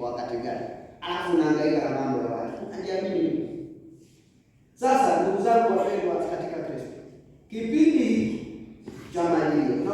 wakati gani, alafu unahangaika na mambo ya watu, unajiamini. Sasa ndugu zangu wapendwa katika Kristo, kipindi cha majilio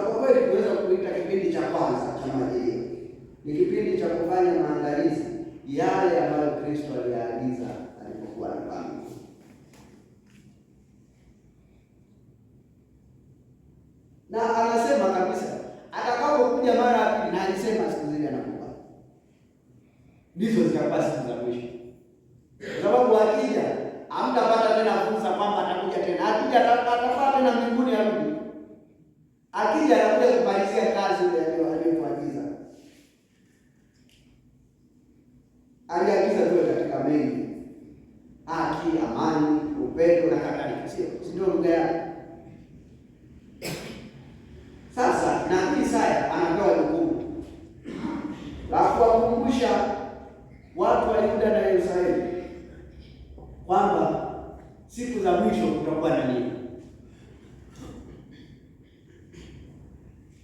aliagiza tuwe katika mengi, haki, amani, upendo na kadhalika, sio si ndio lugha yake? Sasa nabii Isaya anapewa jukumu la kuwakumbusha watu wa Yuda na Yerusalemu kwamba siku za mwisho kutakuwa na nini.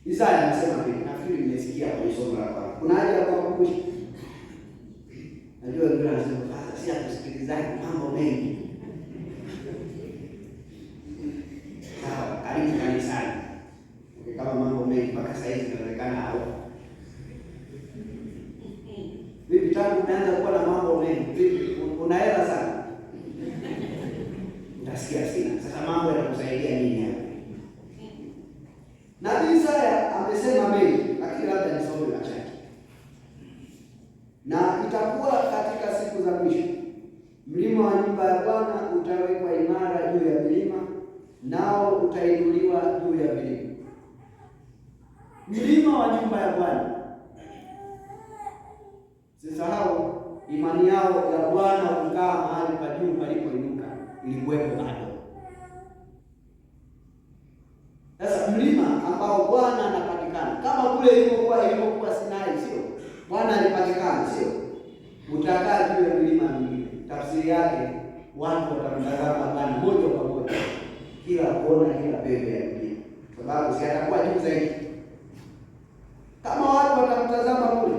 Isaya anasema hivi, nafikiri nimesikia kwenye somo la kwanza. Kuna haja ya kuwakumbusha Najua wengine wanasema Father, si hatusikilizaji mambo mengi. Sawa, karibu kanisani. Kama mambo mengi mpaka sasa hivi inaonekana hao. Vipi tangu unaanza kuwa na mambo mengi? Vipi una hela sana? Utasikia sina. Sasa mambo yanakusaidia nini hapa? Nabii Isaya amesema mengi, lakini labda nisome machache. siku za mwisho. Mlima wa nyumba ya Bwana utawekwa imara juu ya milima, nao utainuliwa juu ya milima. Mlima wa nyumba ya Bwana, sisahau imani yao ya Bwana kukaa mahali pa juu palipoinuka ilikuwepo bado. Sasa mlima ambao Bwana anapatikana kama kule ilipokuwa ilipokuwa Sinai, sio Bwana alipatikana, sio utakaa juu ya milima mingine. Tafsiri yake watu watamtazama Bwana moja kwa moja, kila kona, kila pembe ya mlima, sababu si atakuwa juu zaidi. Kama watu watamtazama kule,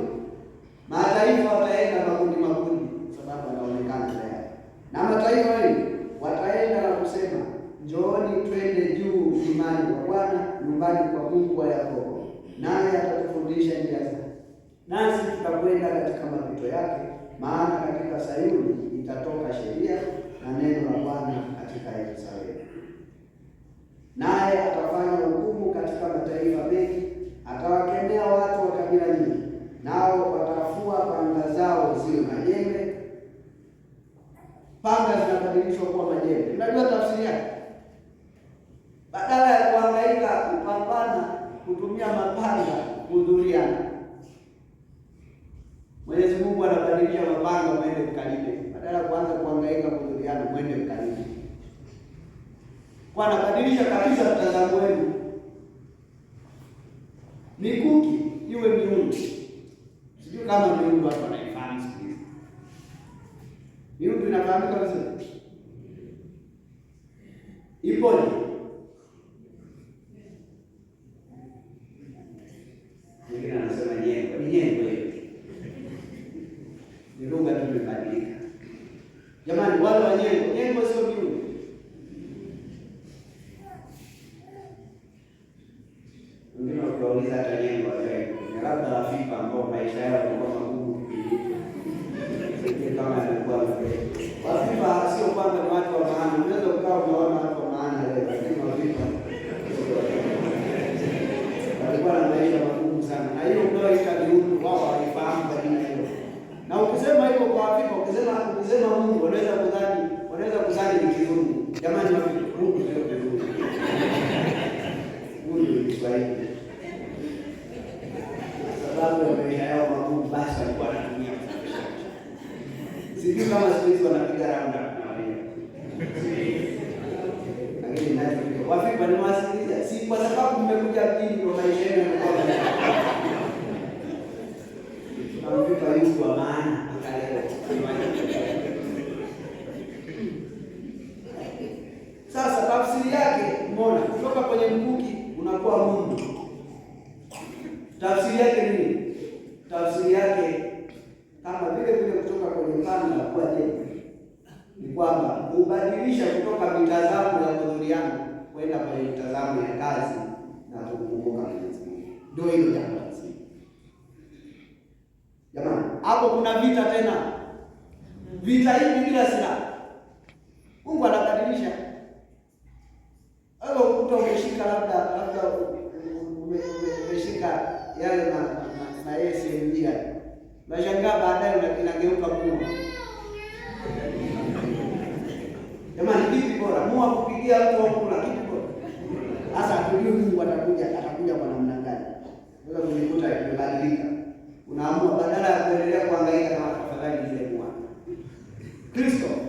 mataifa wataenda makundi makundi, sababu anaonekana tayari, na mataifa hili wataenda na kusema, njooni twende juu imani kwa Bwana, nyumbani kwa Mungu wa Yakobo, naye atatufundisha njia nasi tutakwenda katika mapito yake, maana katika Sayuni itatoka sheria na neno la Bwana katika Yerusalemu. Naye atafanya hukumu katika mataifa mengi, atawakemea watu wa kabila nyingi, nao watafua panga zao ziwe majembe. Panga zinabadilishwa kuwa majembe. Unajua tafsiri yake? Badala ya kuhangaika kupambana, kutumia mapanga, kuhudhuriana mabadilisho ya mapanga, mwende mkalime, badala kuanza kuangaika kuzuliana, mwende mkalime. Kwa anabadilisha kabisa mtazamo wenu. Mikuki iwe miungu, sijui kama miungu watu wanaifahamu siku hizi. Miungu inafahamika vizuri, ipoje? Wafipa sio kwamba ni watu wa maana, unaweza ukawa unaona watu wa maana leo, lakini wafipa walikuwa na maisha magumu sana, na hiyo mnaoita miungu wao walifahamu kabila hiyo. Na ukisema hivyo kwa wafipa, ukisema ukisema Mungu wanaweza kudhani wanaweza kudhani ni kizungu. Jamani, Mungu sio kizungu. Sijui kama siku hizi wanapiga raundi na ni wasikiliza, si kwa sababu mmekuja mjini ndio maisha yenu yanakuwa. Waafrika kwa maana Sasa tafsiri yake mbona kutoka kwenye mkuki unakuwa mundu. Tafsiri yake kuwa jema ni kwamba kubadilisha kutoka mitazamo ya dhuhuri yangu kwenda kwenye mitazamo ya kazi na kukumbuka Mwenyezi Mungu. Ndio hilo jambo la msingi jamani. Hapo kuna vita tena, vita hivi bila silaha. Mungu anabadilisha hapo, Mtu umeshika labda labda umeshika yale na na Yesu ndiye unashangaa, baadaye inageuka kuwa kulia huko kuna kitu. Sasa ndio Mungu atakuja atakuja kwa namna gani. Sasa tumekuta imebadilika. Unaamua badala ya kuendelea kuangaika kama tafadhali ile kwa. Kristo